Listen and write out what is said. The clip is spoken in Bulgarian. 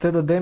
ще дадем